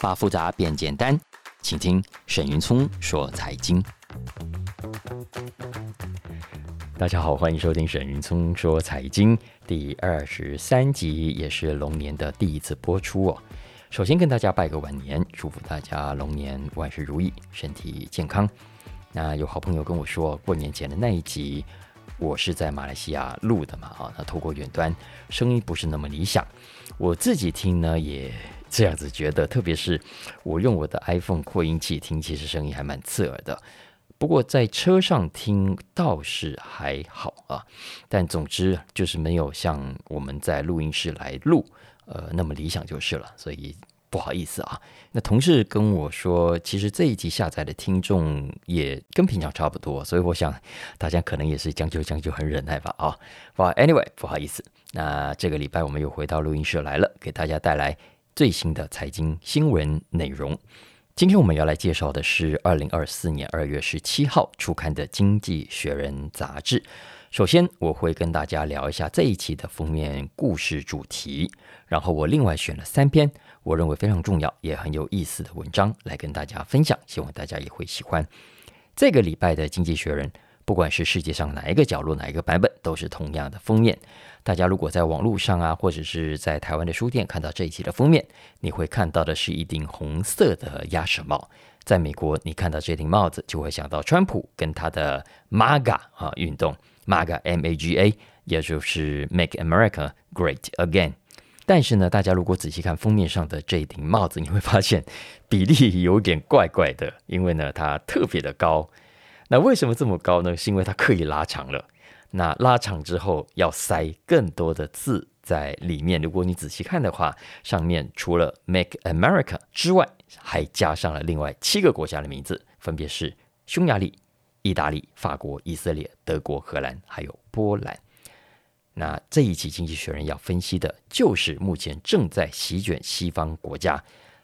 把複雜變簡單，請聽沈雲聰說財經。大家好，歡迎收聽沈雲聰說財經第二十三集，也是龍年的第一次播出哦。首先跟大家拜個晚年，祝福大家龍年萬事如意，身體健康。那有好朋友跟我說，過年前的那一集我是在馬來西亞錄的嘛。啊，那透過遠端聲音不是那麼理想，我自己聽呢也。這樣子覺得，特別是我用我的 iPhone 擴音器聽，其實聲音還蠻刺耳的。不過在車上聽倒是還好啊。但總之就是沒有像我們在錄音室來錄，呃，那麼理想就是了。所以不好意思啊。那同事跟我說，其實這一集下載的聽眾也跟平常差不多，所以我想大家可能也是將就將就，很忍耐吧啊。哇，Anyway，不好意思。那這個禮拜我們又回到錄音室來了，給大家帶來。最新的財經新聞內容。今天我們要來介紹的是二零二四年二月十七號出刊的《經濟學人》雜誌。首先，我會跟大家聊一下這一期的封面故事主題，然後我另外選了三篇我認為非常重要也很有意思的文章來跟大家分享，希望大家也會喜歡。這個禮拜的《經濟學人》，不管是世界上哪一個角落、哪一個版本，都是同樣的封面。大家如果在網路上啊，或者是在台灣的書店看到這一期的封面，你會看到的是一頂紅色的鴨舌帽。在美國，你看到這頂帽子，就會想到川普跟他的 MAGA 啊運動，MAGA M A G A，也就是 Make America Great Again。但是呢，大家如果仔細看封面上的這一頂帽子，你會發現比例有點怪怪的，因為呢，它特別的高。那為什麼這麼高呢？是因為它刻意拉長了。那拉長之後要塞更多的字在裡面。如果你仔細看的話，上面除了 Make America 之外，還加上了另外七個國家的名字，分別是匈牙利、意大利、法國、以色列、德國、荷蘭，還有波蘭。那這一期《經濟學人》要分析的就是目前正在席捲西方國家，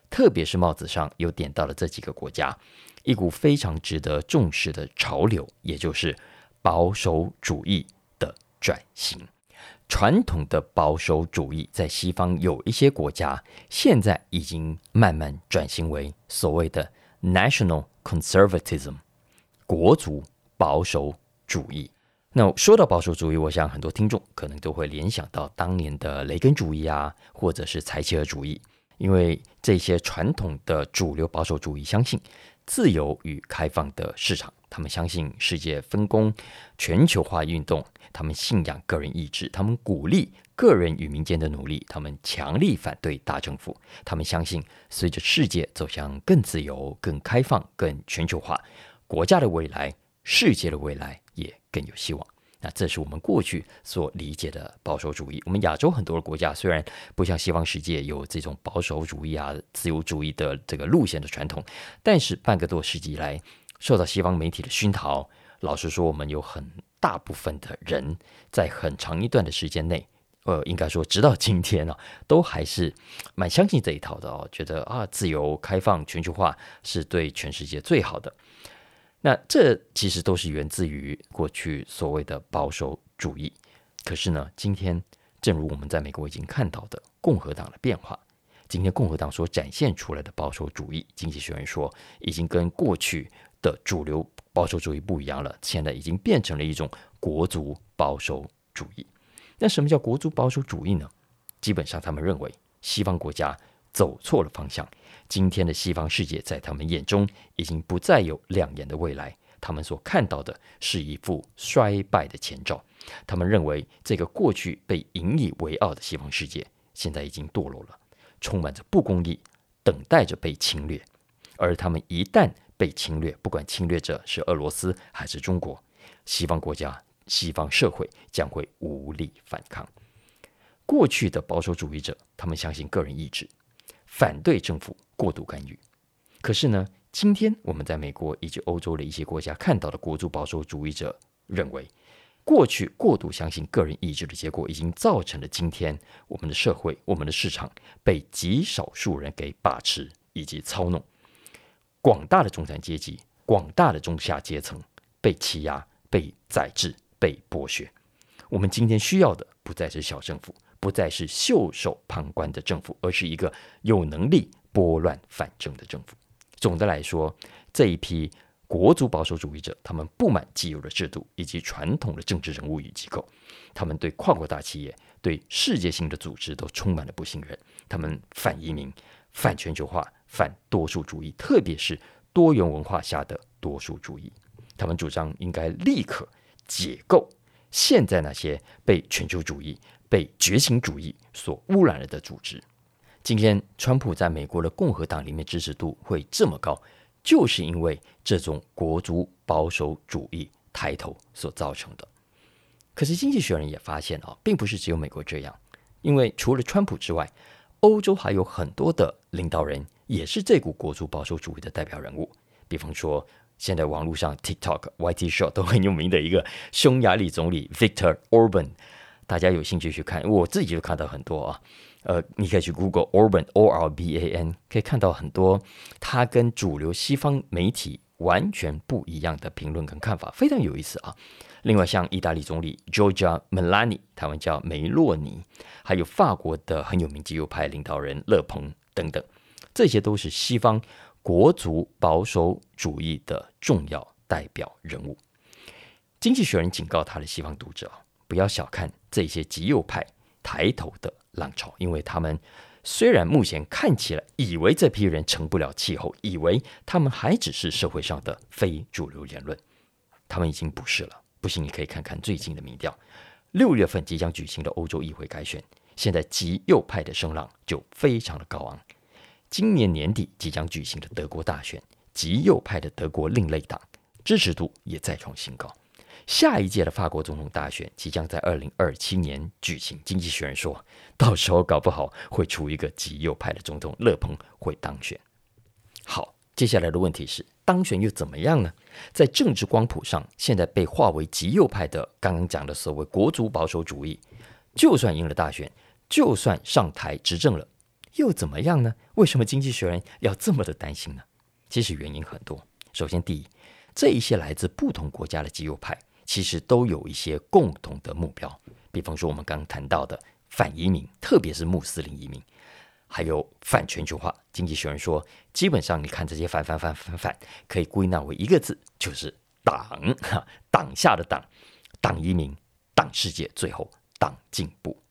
特別是帽子上有點到了這幾個國家，一股非常值得重視的潮流，也就是，保守主義的轉型，傳統的保守主義在西方有一些國家現在已經慢慢轉型為所謂的 national conservatism，國族保守主義。那說到保守主義，我想很多聽眾可能都會聯想到當年的雷根主義啊，或者是柴契爾主義，因為這些傳統的主流保守主義相信自由與開放的市場。他們相信世界分工、全球化運動；他們信仰個人意志；他們鼓勵個人與民間的努力；他們強力反對大政府；他們相信，隨着世界走向更自由、更開放、更全球化，國家的未來、世界的未來也更有希望。那這是我們過去所理解的保守主義。我們亞洲很多的國家雖然不像西方世界有這種保守主義啊、自由主義的這個路線的傳統，但是半個多世紀以來。受到西方媒體的熏陶，老實說，我們有很大部分的人在很長一段的時間內，呃，應該說直到今天呢、啊，都還是蠻相信這一套的哦，覺得啊，自由、開放、全球化是對全世界最好的。那這其實都是源自於過去所謂的保守主義。可是呢，今天，正如我們在美國已經看到的，共和黨的變化，今天共和黨所展現出來的保守主義，經濟學人說，已經跟過去。的主流保守主義不一樣了，現在已經變成了一種國族保守主義。那什麼叫國族保守主義呢？基本上，他們認為西方國家走錯了方向。今天的西方世界，在他們眼中已經不再有亮眼的未來，他們所看到的是一副衰敗的前兆。他們認為，這個過去被引以為傲的西方世界，現在已經墮落了，充滿着不公義，等待着被侵略。而他們一旦被侵略，不管侵略者是俄羅斯還是中國，西方國家、西方社會將會無力反抗。過去的保守主義者，他們相信個人意志，反對政府過度干預。可是呢，今天我們在美國以及歐洲的一些國家看到的國族保守主義者認為，過去過度相信個人意志的結果，已經造成了今天我們的社會、我們的市場被極少數人給把持以及操弄。廣大的中產階級、廣大的中下階層被欺壓、被宰制、被剝削。我們今天需要的不再是小政府，不再是袖手旁觀的政府，而是一個有能力撥亂反正的政府。總的來說，這一批國族保守主義者，他們不滿既有的制度以及傳統的政治人物與機構，他們對跨國大企業、對世界性的組織都充滿了不信任，他們反移民、反全球化。反多數主義，特別是多元文化下的多數主義，他們主張應該立刻解構現在那些被全球主義、被覺醒主義所污染了的組織。今天，川普在美國的共和黨裡面支持度會這麼高，就是因為這種國族保守主義抬頭所造成的。可是，經濟學人也發現啊，並不是只有美國這樣，因為除了川普之外，歐洲還有很多的。領導人也是這股國足保守主義的代表人物，比方說，現在網絡上 TikTok、YT s h o t 都很有名的一個匈牙利總理 v i c t o r o r b a n 大家有興趣去看，我自己就看到很多啊。呃，你可以去 Google o r b a n O R B A N，可以看到很多他跟主流西方媒體完全不一樣的評論跟看法，非常有意思啊。另外，像意大利總理 g e o r g i a m e l a n i 台灣叫梅洛尼），還有法國的很有名氣右派領導人勒龐。等等，這些都是西方國族保守主義的重要代表人物。經濟學人警告他的西方讀者不要小看這些極右派抬頭的浪潮，因為他們雖然目前看起來以為這批人成不了氣候，以為他們還只是社會上的非主流言論，他們已經不是了。不信，你可以看看最近的民調，六月份即將舉行的歐洲議會改選。現在極右派的聲浪就非常的高昂。今年年底即將舉行的德國大選，極右派的德國另類黨支持度也再創新高。下一屆的法國總統大選即將在二零二七年舉行，經濟學人說到時候搞不好會出一個極右派的總統，勒龐會當選。好，接下來的問題是，當選又怎麼樣呢？在政治光譜上，現在被劃為極右派的，剛剛講的所謂“國族保守主義”，就算贏了大選。就算上台執政了，又怎麼樣呢？為什麼經濟學人要這麼的擔心呢？其實原因很多。首先，第一，這一些來自不同國家的極右派，其實都有一些共同的目標。比方說，我們剛剛談到的反移民，特別是穆斯林移民，還有反全球化。經濟學人說，基本上你看這些反反反反反，可以歸納為一個字，就是“擋”哈。擋下的擋，擋移民，擋世界，最後擋進步。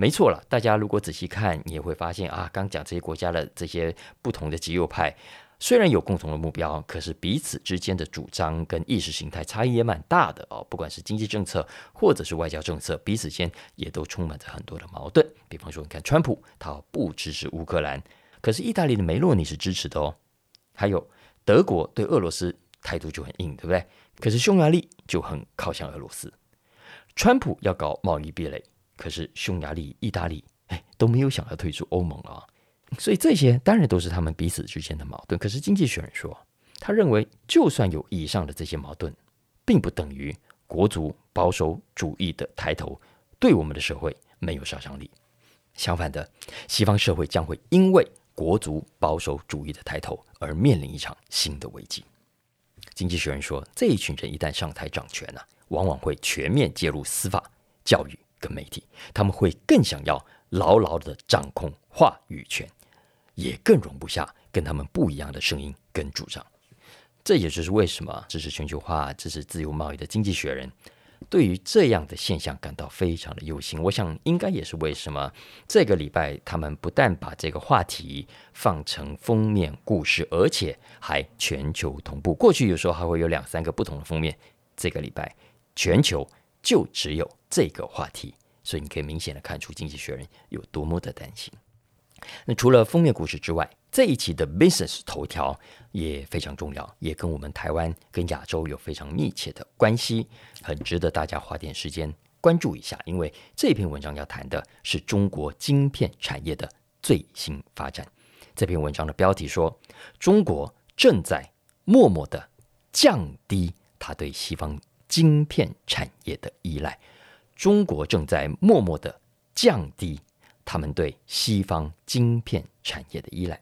沒錯了，大家如果仔細看，你也會發現啊，剛講這些國家的這些不同的極右派，雖然有共同的目標，可是彼此之間的主張跟意識形態差異也蠻大的哦。不管是經濟政策或者是外交政策，彼此間也都充滿着很多的矛盾。比方說，你看川普，他不支持烏克蘭，可是意大利的梅洛尼是支持的哦。還有德國對俄羅斯態度就很硬，對不對？可是匈牙利就很靠向俄羅斯。川普要搞貿易壁壘。可是匈牙利、意大利，哎，都沒有想要退出歐盟啊，所以這些當然都是他們彼此之間的矛盾。可是經濟學人說，他認為就算有以上的這些矛盾，並不等於國族保守主義的抬頭對我們的社會沒有殺傷力。相反的，西方社會將會因為國族保守主義的抬頭而面臨一場新的危機。經濟學人說，這一群人一旦上台掌權了、啊，往往會全面介入司法、教育。跟媒體，他們會更想要牢牢的掌控話語權，也更容不下跟他們不一樣的聲音跟主張。這也就是為什麼支持全球化、支持自由貿易的經濟學人，對於這樣的現象感到非常的憂心。我想，應該也是為什麼這個禮拜他們不但把這個話題放成封面故事，而且還全球同步。過去有時候還會有兩三個不同的封面，這個禮拜全球。就只有這個話題，所以你可以明顯的看出《經濟學人》有多麼的擔心。那除了封面故事之外，這一期的《Business》頭條也非常重要，也跟我們台灣跟亞洲有非常密切的關係，很值得大家花點時間關注一下。因為這篇文章要談的是中國晶片產業的最新發展。這篇文章的標題說：“中國正在默默的降低它對西方。”晶片產業的依賴，中國正在默默的降低他們對西方晶片產業的依賴。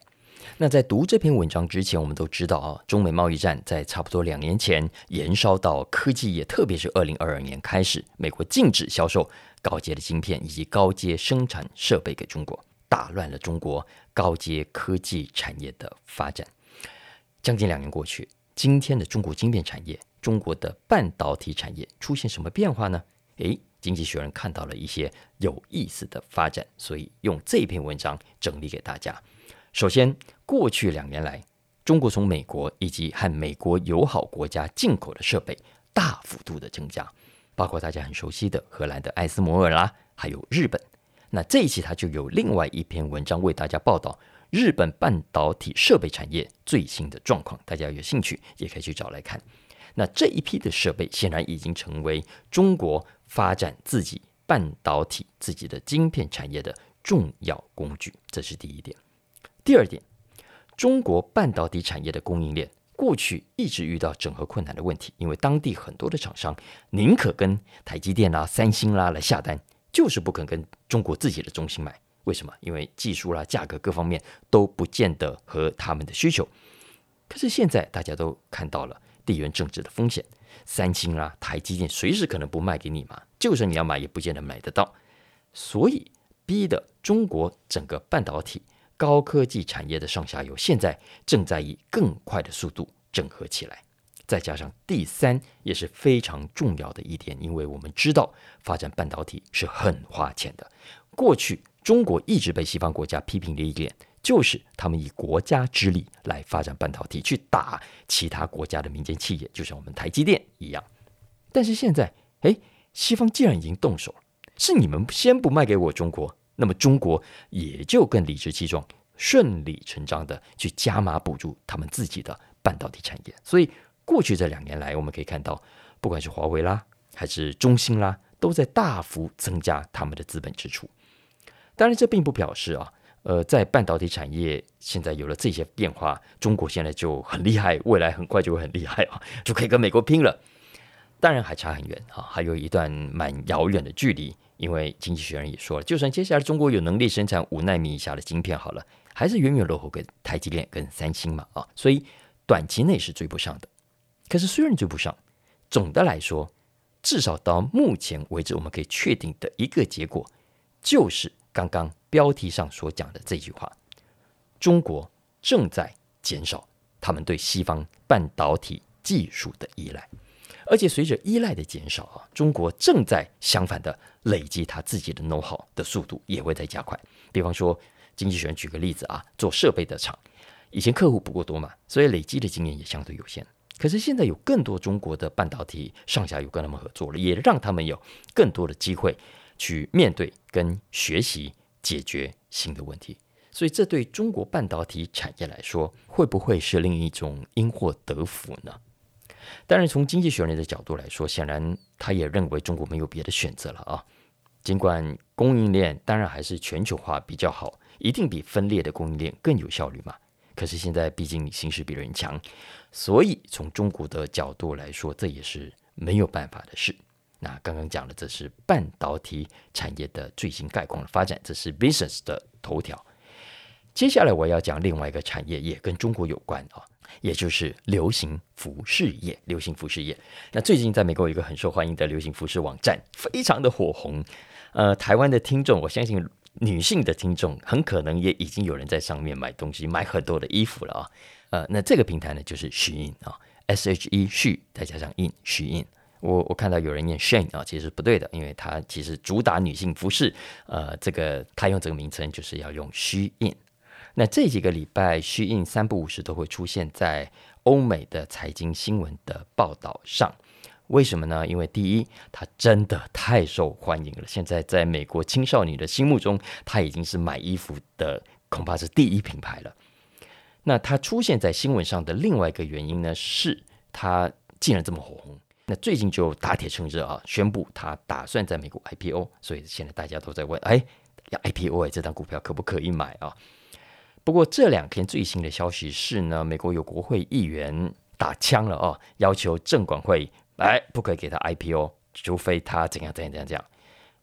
那在讀這篇文章之前，我們都知道啊，中美貿易戰在差不多兩年前延燒到科技業，特別是二零二二年開始，美國禁止銷售高階的晶片以及高階生產設備給中國，打亂了中國高階科技產業的發展。將近兩年過去。今天的中國晶片產業，中國的半導體產業出現什麼變化呢？誒，經濟學人看到了一些有意思的發展，所以用這篇文章整理給大家。首先，過去兩年來，中國從美國以及和美國友好國家進口的設備大幅度的增加，包括大家很熟悉的荷蘭的愛斯摩爾啦，還有日本。那這一期它就有另外一篇文章為大家報道。日本半導體設備產業最新的狀況，大家有興趣也可以去找來看。那這一批的設備顯然已經成為中國發展自己半導體、自己的晶片產業的重要工具，這是第一點。第二點，中國半導體產業的供應鏈過去一直遇到整合困難的問題，因為當地很多的廠商寧可跟台積電啦、啊、三星啦、啊、來下單，就是不肯跟中國自己的中心買。為什麼？因為技術啦、啊、價格各方面都不見得合他們的需求。可是現在大家都看到了地緣政治的風險，三星啦、啊、台積電隨時可能不賣給你嘛，就算你要買，也不見得買得到。所以逼得中國整個半導體高科技產業的上下游，現在正在以更快的速度整合起來。再加上第三也是非常重要的一點，因為我們知道發展半導體是很花錢的，過去。中國一直被西方國家批評的一點，就是他們以國家之力來發展半導體，去打其他國家的民間企業，就像我們台積電一樣。但是現在，誒，西方既然已經動手了，是你們先不賣給我中國，那麼中國也就更理直氣壯、順理成章地去加碼補助他們自己的半導體產業。所以，過去這兩年來，我們可以看到，不管是華為啦，還是中興啦，都在大幅增加他們的資本支出。當然，這並不表示啊，呃，在半導體產業現在有了這些變化，中國現在就很厲害，未來很快就會很厲害啊，就可以跟美國拼了。當然還差很遠啊，還有一段蠻遙遠的距離。因為經濟學人也說了，就算接下來中國有能力生產五納米以下的晶片，好了，還是遠遠落後給台積電、跟三星嘛啊，所以短期內是追不上的。可是雖然追不上，總的來說，至少到目前為止，我們可以確定的一個結果就是，剛剛標題上所講的這句話，中國正在減少他們對西方半導體技術的依賴，而且隨着依賴的減少啊，中國正在相反的累積他自己的 know how 的速度也會在加快。比方說，經濟學人舉個例子啊，做設備的廠，以前客戶不夠多嘛，所以累積的經驗也相對有限。可是現在有更多中國的半導體上下游跟他們合作了，也讓他們有更多的機會，去面對跟學習解決新的問題，所以這對中國半導體產業來說，會不會是另一種因禍得福呢？當然，從經濟學人的角度來說，顯然他也認為中國沒有別的選擇了啊。儘管供應鏈當然還是全球化比較好，一定比分裂的供應鏈更有效率嘛。可是現在畢竟形勢比人強，所以從中國的角度來說，這也是沒有辦法的事。那剛剛講的這是半導體產業的最新概況的發展，這是 Business 的頭條。接下來我要講另外一個產業，也跟中國有關啊，也就是流行服飾業。流行服飾業，那最近在美國有一個很受歡迎的流行服飾網站，非常的火紅。呃、台灣的聽眾，我相信女性的聽眾，很可能也已經有人在上面買東西，買很多的衣服了啊。呃、那這個平台呢，就是 Shein 啊，S H E She 再加上 In Shein。我我看到有人念 shin 啊，其實是不對的，因為它其實主打女性服飾，呃，這個它用這個名稱就是要用 Shein。那這幾個禮拜，Shein 三不五時都會出現在歐美的財經新聞的報道上，為什麼呢？因為第一，它真的太受歡迎了，現在在美國青少年的心目中，它已經是買衣服的恐怕是第一品牌了。那它出現在新聞上的另外一個原因呢，是它竟然這麼火紅。那最近就打鐵趁熱啊，宣布他打算在美國 IPO，所以現在大家都在問：哎，要 IPO 哎、欸，這張股票可不可以買啊？不過這兩天最新的消息是呢，美國有國會議員打槍了啊，要求證管會哎，不可以給他 IPO，除非他怎樣怎樣怎樣怎樣。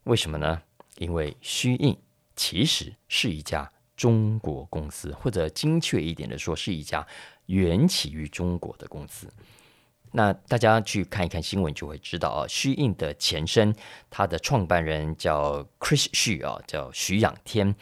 為什麼呢？因為 Shein 其實是一家中國公司，或者精確一點的說，是一家緣起於中國的公司。那大家去看一看新聞就會知道啊、哦，Shein 的前身，它的創辦人叫 Chris Xu 啊、哦，叫徐仰天。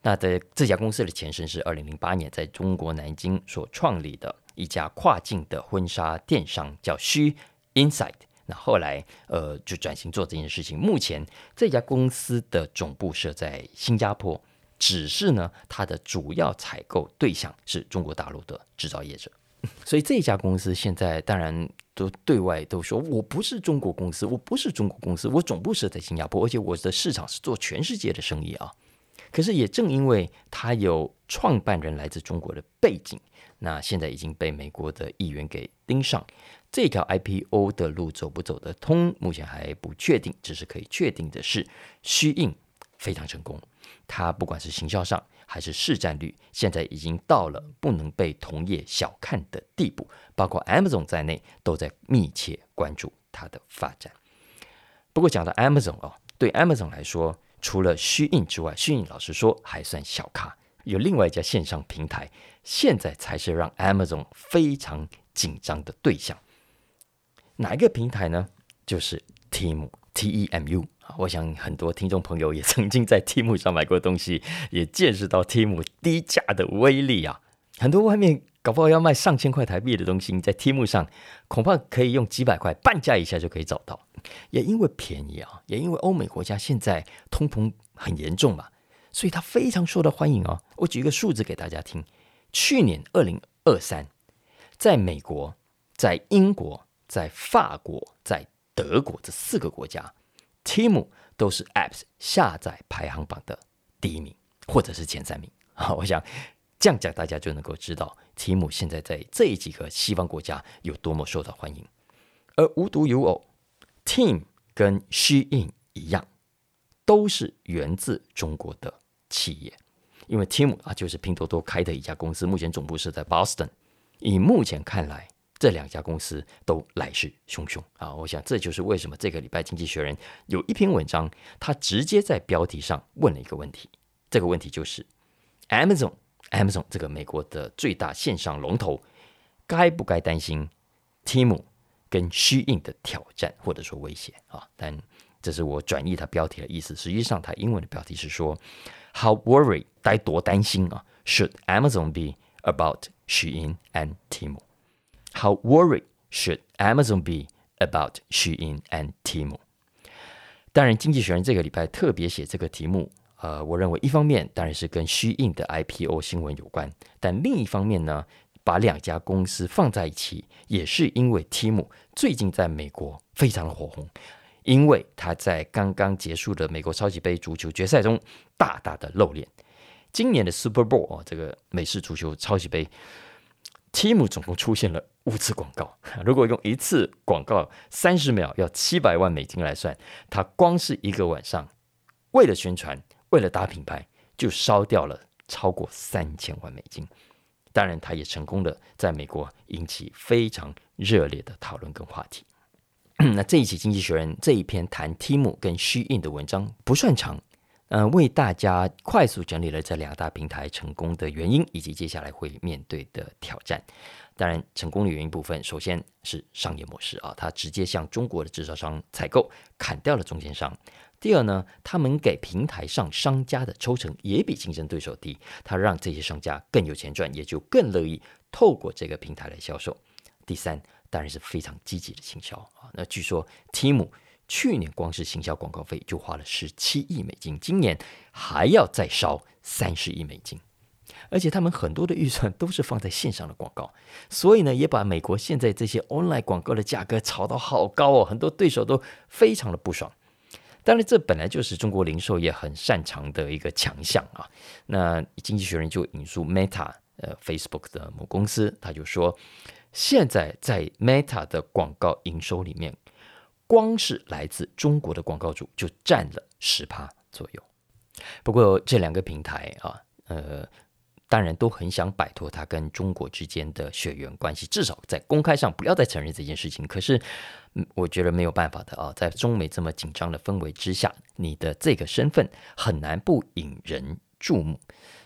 那的這家公司的前身是二零零八年在中國南京所創立的一家跨境的婚紗電商叫 SheInside。那後來呃就轉型做這件事情。目前這家公司的總部設在新加坡，只是呢它的主要採購對象是中國大陸的製造業者。所以這家公司現在當然都對外都說，我不是中國公司，我不是中國公司，我總部設在新加坡，而且我的市場是做全世界的生意啊。可是也正因為它有創辦人來自中國的背景，那現在已經被美國的議員給盯上，這條 IPO 的路走不走得通，目前還不確定。只是可以確定的是，Shein 非常成功，它不管是行銷上。還是市占率，現在已經到了不能被同業小看的地步。包括 Amazon 在內，都在密切關注它的發展。不過，講到 Amazon 哦，對 Amazon 來說，除了 Shein 之外，Shein 老實說還算小咖。有另外一家線上平台，現在才是讓 Amazon 非常緊張的對象。哪一個平台呢？就是 Temu，T-E-M-U。我想很多聽眾朋友也曾經在 Temu 上買過東西，也見識到 Temu 低價的威力啊！很多外面搞不好要賣上千塊台幣的東西，在 Temu 上恐怕可以用幾百塊，半價以下就可以找到。也因為便宜啊，也因為歐美國家現在通膨很嚴重嘛，所以它非常受到歡迎啊，我舉一個數字給大家聽：去年二零二三，在美國、在英國、在法國、在德國、在德國這四個國家。Temu 都是 Apps 下載排行榜的第一名，或者是前三名啊！我想這樣講，大家就能夠知道 Temu 現在在這幾個西方國家有多麼受到歡迎。而無獨有偶，Temu 跟 Shein 一樣，都是源自中國的企業。因為 Temu 啊，就是拼多多開的一家公司，目前總部是在 Boston。以目前看來，這兩家公司都來勢洶洶啊！我想這就是為什麼這個禮拜《經濟學人》有一篇文章，他直接在標題上問了一個問題。這個問題就是：Amazon Amazon 這個美國的最大線上龍頭該不該擔心 Temu 跟 Shein 的挑戰或者說威脅啊？但這是我轉譯它標題的意思。實際上，它英文的標題是說 “How worried? 該多擔心啊？Should Amazon be about Shein and Temu？” How worried should Amazon be about Shein and Temu? 當然，經濟學人這個禮拜特別寫這個題目，呃，我認為一方面當然是跟 Shein 的 IPO 新聞有關，但另一方面呢，把兩家公司放在一起，也是因為 Temu 最近在美國非常的火紅，因為他在剛剛結束的美國超級杯足球決賽中大大的露臉。今年的 Super Bowl 啊，這個美式足球超級杯，Temu 總共出現了五次廣告，如果用一次廣告三十秒要七百萬美金來算，他光是一個晚上為了宣傳、為了打品牌，就燒掉了超過三千萬美金。當然，他也成功的在美國引起非常熱烈的討論跟話題。 那這一期《經濟學人》這一篇談 Temu 跟 Shein 的文章不算長，嗯、呃，為大家快速整理了這兩大平台成功的原因以及接下來會面對的挑戰。當然，成功的原因部分，首先是商業模式啊，它直接向中國的製造商採購，砍掉了中間商。第二呢，他們給平台上商家的抽成也比競爭對手低，他讓這些商家更有錢賺，也就更樂意透過這個平台來銷售。第三，當然是非常積極的行銷啊。那據說，Temu 去年光是行銷廣告費就花了十七億美金，今年還要再燒三十億美金。而且他們很多的預算都是放在線上的廣告，所以呢，也把美國現在這些 online 廣告的價格炒到好高哦，很多對手都非常的不爽。當然，這本來就是中國零售業很擅長的一個強項啊。那《經濟學人》就引述 Meta 呃 Facebook 的母公司，他就說，現在在 Meta 的廣告營收裡面，光是來自中國的廣告主就占了十趴左右。不過，這兩個平台啊，呃。當然都很想擺脫他跟中國之間的血緣關係，至少在公開上不要再承認這件事情。可是，我覺得沒有辦法的啊，在中美這麼緊張的氛圍之下，你的這個身份很難不引人注目。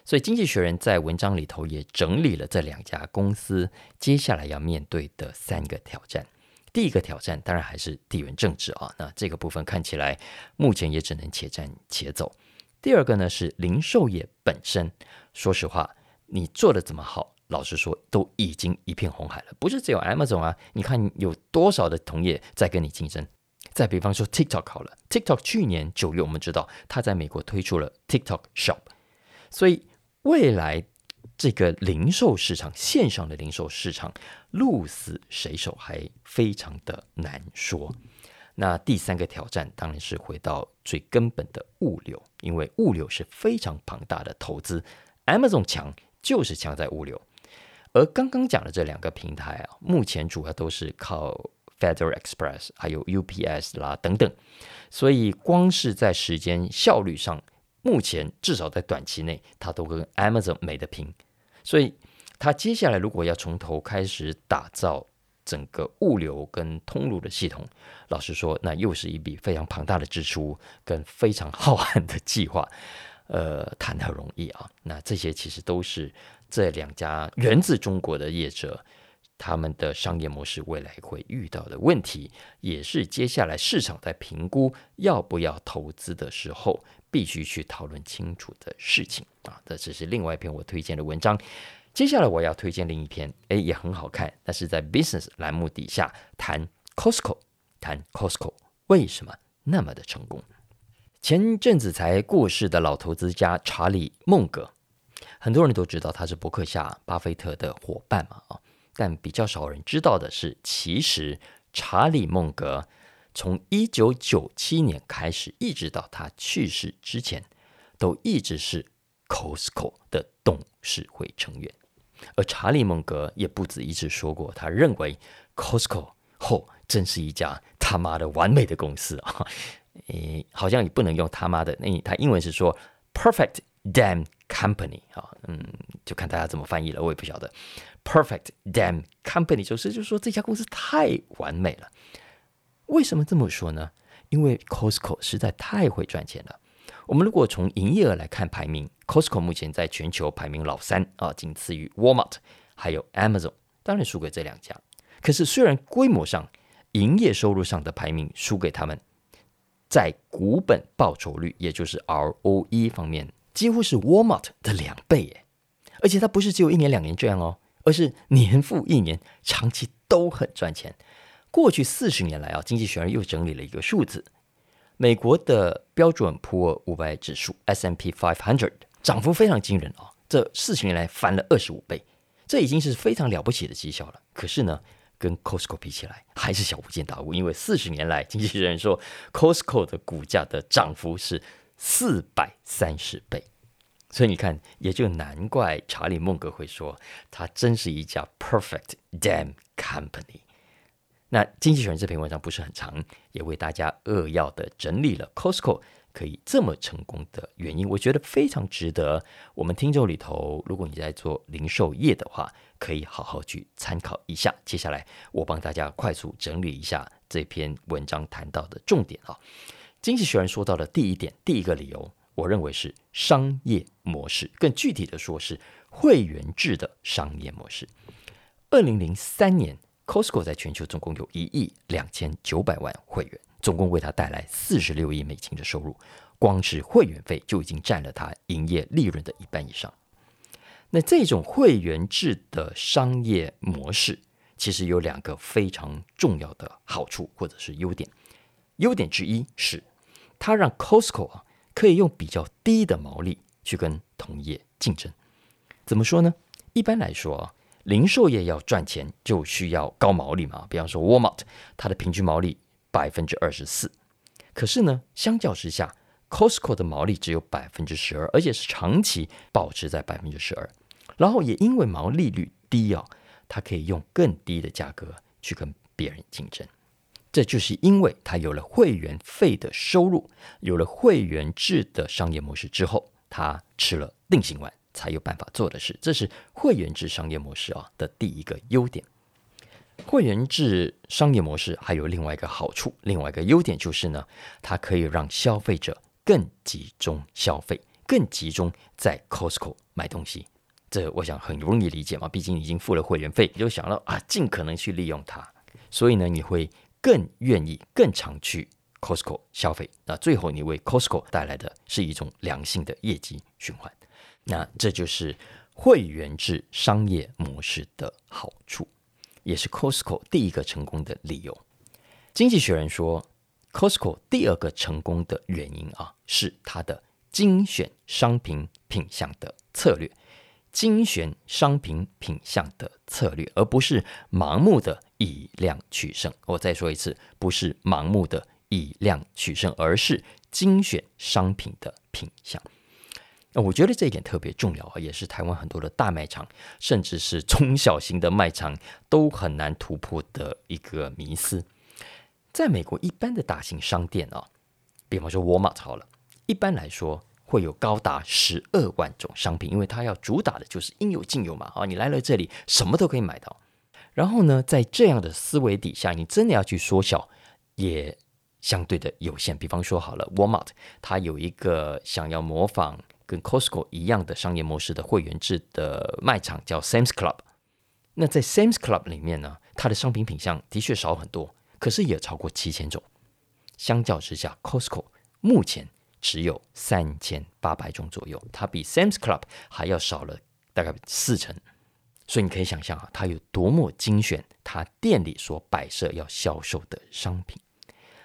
所以，《經濟學人》在文章裡頭也整理了這兩家公司接下來要面對的三個挑戰。第一個挑戰當然還是地緣政治啊，那這個部分看起來目前也只能且戰且走。第二個呢是零售業本身。說實話，你做得怎麼好，老實說，都已經一片紅海了。不是只有 Amazon 啊，你看有多少的同業在跟你競爭。再比方說 TikTok 好了，TikTok 去年九月我們知道它在美國推出了 TikTok Shop，所以未來這個零售市場線上的零售市場鹿死誰手還非常的難說。那第三個挑戰當然是回到最根本的物流，因為物流是非常龐大的投資。Amazon 強就是強在物流，而剛剛講的這兩個平台啊，目前主要都是靠 Federal Express 還有 UPS 啦等等，所以光是在時間效率上，目前至少在短期內，它都跟 Amazon 沒得拼。所以，它接下來如果要從頭開始打造整個物流跟通路的系統，老實說，那又是一筆非常龐大的支出跟非常浩瀚的計劃。呃，談何容易啊！那這些其實都是這兩家源自中國的業者，他們的商業模式未來會遇到的問題，也是接下來市場在評估要不要投資的時候必須去討論清楚的事情啊。這只是另外一篇我推薦的文章。接下來我要推薦另一篇，哎，也很好看，但是在 Business 欄目底下談 Costco，談 Costco 為什麼那麼的成功。前陣子才過世的老投資家查理·孟格，很多人都知道他是伯克夏·巴菲特的伙伴嘛啊、哦，但比較少人知道的是，其實查理·孟格從1997年開始，一直到他去世之前，都一直是 Costco 的董事會成員而。而查理·孟格也不止一次說過，他認為 Costco 哦，真是一家他媽的完美的公司啊。誒，好像也不能用他媽的。那他英文是說 “perfect damn company” 啊，嗯，就看大家怎麼翻譯了。我也不曉得 “perfect damn company” 就是就是，說這家公司太完美了。為什麼這麼說呢？因為 Costco 實在太會賺錢了。我們如果從營業額來看排名，Costco 目前在全球排名老三啊，僅次於 Walmart 還有 Amazon，當然輸給這兩家。可是雖然規模上、營業收入上的排名輸給他們。在股本報酬率，也就是 ROE 方面，幾乎是 Walmart 的兩倍耶！而且它不是只有一年兩年這樣哦，而是年復一年，長期都很賺錢。過去四十年來啊，經濟學人又整理了一個數字：美國的標準普爾五百指數 （S&P 500） 漲幅非常驚人啊、哦，這四十年來翻了二十五倍，這已經是非常了不起的績效了。可是呢？跟 Costco 比起來，還是小巫見大巫，因為四十年來，經濟學人說 Costco 的股價的漲幅是四百三十倍，所以你看，也就難怪查理·孟格會說，他真是一家 perfect damn company。那經濟學人這篇文章不是很長，也為大家扼要的整理了 Costco。可以這麼成功的原因，我覺得非常值得我們聽眾裡頭，如果你在做零售業的話，可以好好去參考一下。接下來，我幫大家快速整理一下這篇文章談到的重點啊、哦。經濟學人說到的第一點，第一個理由，我認為是商業模式，更具體的說是會員制的商業模式。二零零三年，Costco 在全球總共有一億兩千九百萬會員。總共為他帶來四十六億美金的收入，光是會員費就已經佔了他營業利潤的一半以上。那這種會員制的商業模式其實有兩個非常重要的好處或者是優點。優點之一是，它讓 Costco 啊可以用比較低的毛利去跟同業競爭。怎麼說呢？一般來說啊，零售業要賺錢就需要高毛利嘛。比方說 Walmart，它的平均毛利，百分之二十四，可是呢，相較之下，Costco 的毛利只有百分之十二，而且是長期保持在百分之十二。然後也因為毛利率低哦，他可以用更低的價格去跟別人競爭。這就是因為他有了會員費的收入，有了會員制的商業模式之後，他吃了定心丸，才有辦法做的事。這是會員制商業模式啊的第一個優點。會員制商業模式，還有另外一個好處，另外一個優點就是呢，它可以讓消費者更集中消費，更集中在 Costco 買東西。這我想很容易理解嘛，畢竟已經付了會員費，你就想到啊，盡可能去利用它，所以呢，你會更願意、更常去 Costco 消費。那最後，你為 Costco 帶來的是一種良性的業績循環。那這就是會員制商業模式的好處。也是 Costco 第一個成功的理由，《經濟學人》說，Costco 第二個成功的原因啊，是它的精選商品品相的策略，精選商品品相的策略，而不是盲目的以量取勝。我再說一次，不是盲目的以量取勝，而是精選商品的品相。我覺得這一點特別重要，也是台灣很多的大賣場，甚至是中小型的賣場都很難突破的一個迷思。在美國，一般的大型商店啊、哦，比方說 Walmart 好了，一般來說會有高達十二萬種商品，因為它要主打的就是應有盡有嘛，啊，你來了這裡什麼都可以買到。然後呢，在這樣的思維底下，你真的要去縮小，也相對的有限。比方說，好了，Walmart，它有一個想要模仿。跟 Costco 一樣的商業模式的會員制的賣場叫 Sam's Club，那在 Sam's Club 裡面呢，它的商品品項的確少很多，可是也超過七千種。相較之下，Costco 目前只有三千八百種左右，它比 Sam's Club 還要少了大概四成。所以你可以想象啊，它有多麼精選它店裡所擺設要銷售的商品。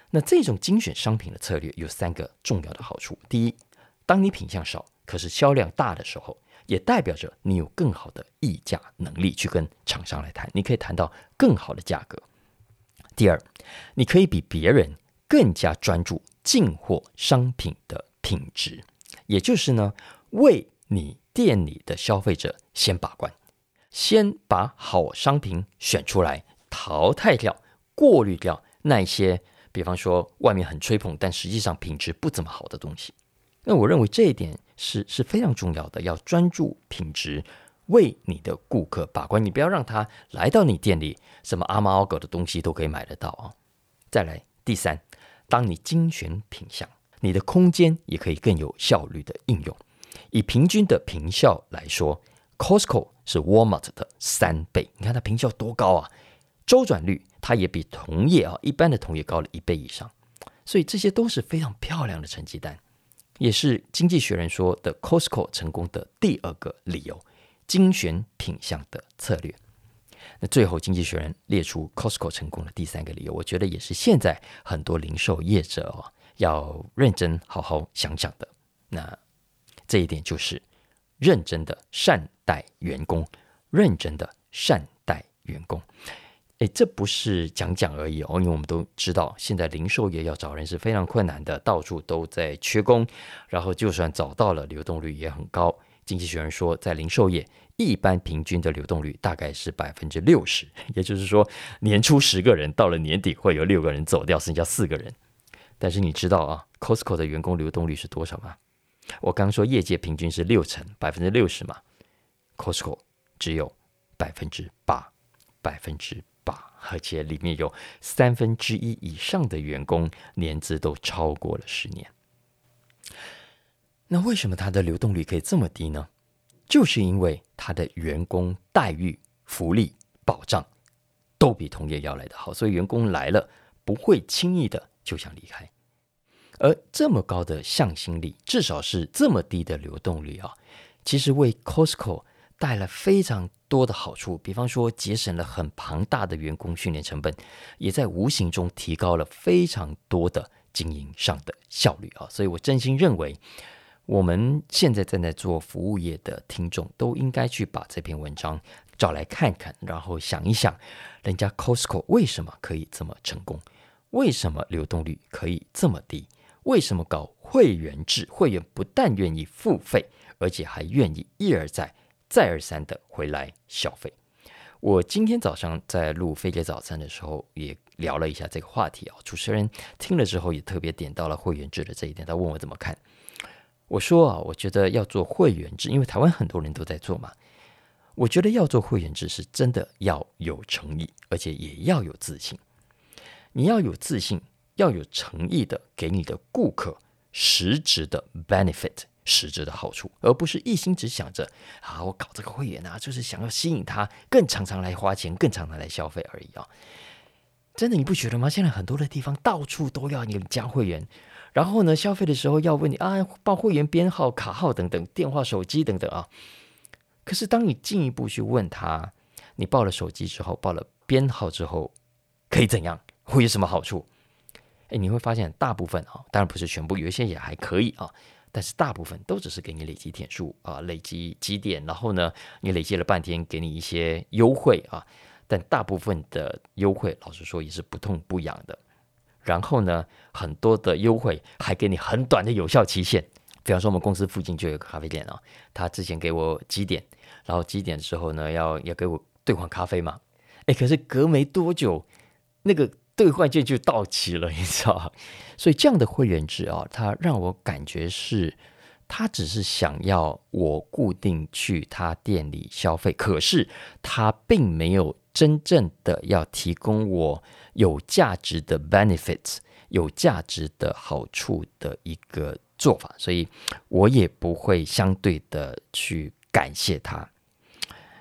那這種精選商品的策略有三個重要的好處：第一，當你品相少，可是銷量大的時候，也代表着你有更好的議價能力去跟廠商來談，你可以談到更好的價格。第二，你可以比別人更加專注進貨商品的品質，也就是呢，為你店裡的消費者先把關，先把好商品選出來，淘汰掉、過濾掉那一些，比方說外面很吹捧，但實際上品質不怎麼好的東西。那我認為這一點是是非常重要的，要專注品質，為你的顧客把關，你不要讓他來到你店裡，什麼阿貓阿狗的東西都可以買得到啊、哦！再來，第三，當你精選品項，你的空間也可以更有效率的應用。以平均的坪效來說，Costco 是 Walmart 的三倍，你看它坪效多高啊！週轉率它也比同業啊、哦、一般的同業高了一倍以上，所以這些都是非常漂亮的成績單。也是《經濟學人》說的 Costco 成功的第二個理由，精選品項的策略。那最後，《經濟學人》列出 Costco 成功的第三個理由，我覺得也是現在很多零售業者哦要認真好好想想的。那這一點就是認真的善待員工，認真的善待員工。誒，這不是講講而已哦，因為我們都知道，現在零售業要找人是非常困難的，到處都在缺工。然後，就算找到了，流動率也很高。經濟學人說，在零售業，一般平均的流動率大概是百分之六十，也就是說，年初十個人，到了年底會有六個人走掉，剩下四個人。但是你知道啊，Costco 的員工流動率是多少嗎？我剛剛說業界平均是六成，百分之六十嘛，Costco 只有百分之八，百分之。而且裡面有三分之一以上的員工年資都超過了十年。那為什麼它的流動率可以這麼低呢？就是因為它的員工待遇、福利、保障都比同業要來得好，所以員工來了不會輕易的就想離開。而這麼高的向心力，至少是這麼低的流動率啊、哦，其實為 Costco。帶來非常多的好處，比方說，節省了很龐大的員工訓練成本，也在無形中提高了非常多的經營上的效率啊！所以我真心認為，我們現在正在做服務業的聽眾都應該去把這篇文章找來看看，然後想一想，人家 Costco 為什麼可以這麼成功？為什麼流動率可以這麼低？為什麼搞會員制？會員不但願意付費，而且還願意一而再。再而三的回來消費。我今天早上在錄《飛碟早餐》的時候，也聊了一下這個話題啊、哦。主持人聽了之後，也特別點到了會員制的這一點。他問我怎麼看，我說啊，我覺得要做會員制，因為台灣很多人都在做嘛。我覺得要做會員制，是真的要有誠意，而且也要有自信。你要有自信，要有誠意的，給你的顧客實質的 benefit。實質的好處，而不是一心只想着啊，我搞這個會員啊，就是想要吸引他更常常來花錢，更常常來消費而已啊。真的，你不覺得嗎？現在很多的地方到處都要你加會員，然後呢，消費的時候要問你啊，報會員編號、卡號等等、電話、手機等等啊。可是當你進一步去問他，你報了手機之後，報了編號之後，可以怎樣？會有什麼好處？誒，你會發現大部分啊，當然不是全部，有一些也還可以啊。但是大部分都只是給你累積點數啊，累積積點，然後呢，你累積了半天，給你一些優惠啊，但大部分的優惠，老實說也是不痛不癢的。然後呢，很多的優惠還給你很短的有效期限。比方說我們公司附近就有個咖啡店啊，他之前給我積點，然後積點的時候呢，要要給我兌換咖啡嘛，哎，可是隔沒多久，那個兌換券就到期了，你知道，所以這樣的會員制啊，哦，他讓我感覺是，他只是想要我固定去他店裡消費，可是他並沒有真正的要提供我有價值的 benefits，有價值的好處的一個做法，所以我也不會相對的去感謝他，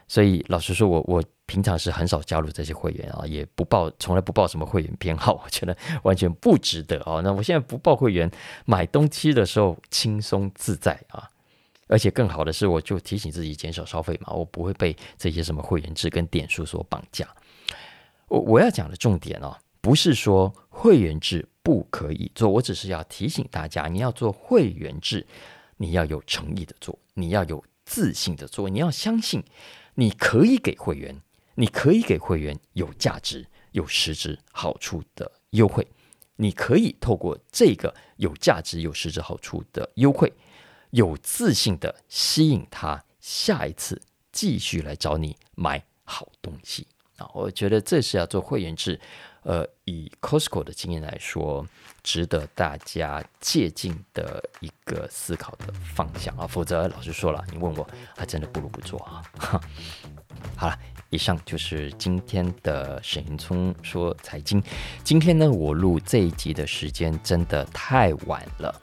所以老實說我，我我。平常是很少加入這些會員啊，也不報，從來不報什麼會員編號，我覺得完全不值得啊、哦。那我現在不報會員，買東西的時候輕鬆自在啊，而且更好的是，我就提醒自己減少消費嘛，我不會被這些什麼會員制跟點數所綁架。我我要講的重點哦，不是說會員制不可以做，我只是要提醒大家，你要做會員制，你要有誠意的做，你要有自信的做，你要相信你可以給會員。你可以給會員有價值、有實質好處的優惠，你可以透過這個有價值、有實質好處的優惠，有自信的吸引他下一次繼續來找你買好東西啊！我覺得這是要做會員制，呃，以 Costco 的經驗來說，值得大家借鑑的一個思考的方向啊！否則，老實說了，你問我，還真的不如不做哈、啊。好了。以上就是今天的沈雲聰說財經。今天呢，我錄這一集的時間真的太晚了，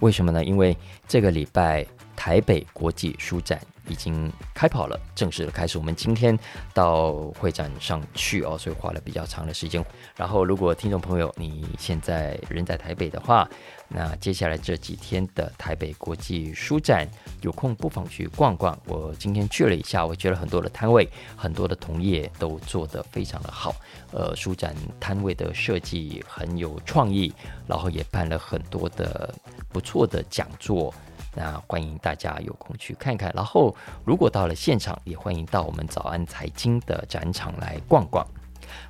為什麼呢？因為這個禮拜台北國際書展。已經開跑了，正式的開始。我們今天到會展上去哦，所以花了比較長的時間。然後，如果聽眾朋友你現在人在台北的話，那接下來這幾天的台北國際書展，有空不妨去逛逛。我今天去了一下，我覺得很多的攤位，很多的同業都做得非常的好。呃，書展攤位的設計很有創意，然後也辦了很多的不錯的講座。那歡迎大家有空去看看，然後如果到了現場，也歡迎到我們早安財經的展場來逛逛。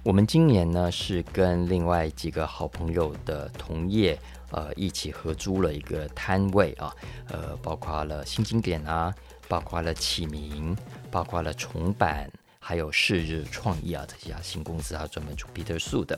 我們今年呢是跟另外幾個好朋友的同業，呃，一起合租了一個攤位啊，呃，包括了新經典啊，包括了啟明，包括了重版。還有是日創意啊，這些新公司啊，專門做 Peter 樹的。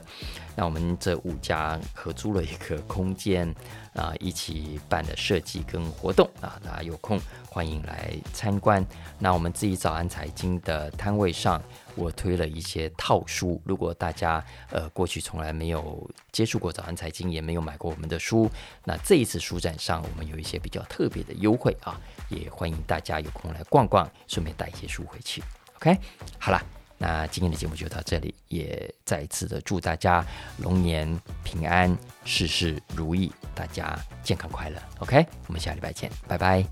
那我們這五家合租了一個空間啊，呃，一起辦的設計跟活動啊，那有空歡迎來參觀。那我們自己早安財經的攤位上，我推了一些套書。如果大家呃過去從來沒有接觸過早安財經，也沒有買過我們的書，那這一次書展上我們有一些比較特別的優惠啊，也歡迎大家有空來逛逛，順便帶一些書回去。OK，好了，那今天的節目就到這裡，也再一次的祝大家龍年平安，事事如意，大家健康快樂。OK，我們下禮拜見，拜拜。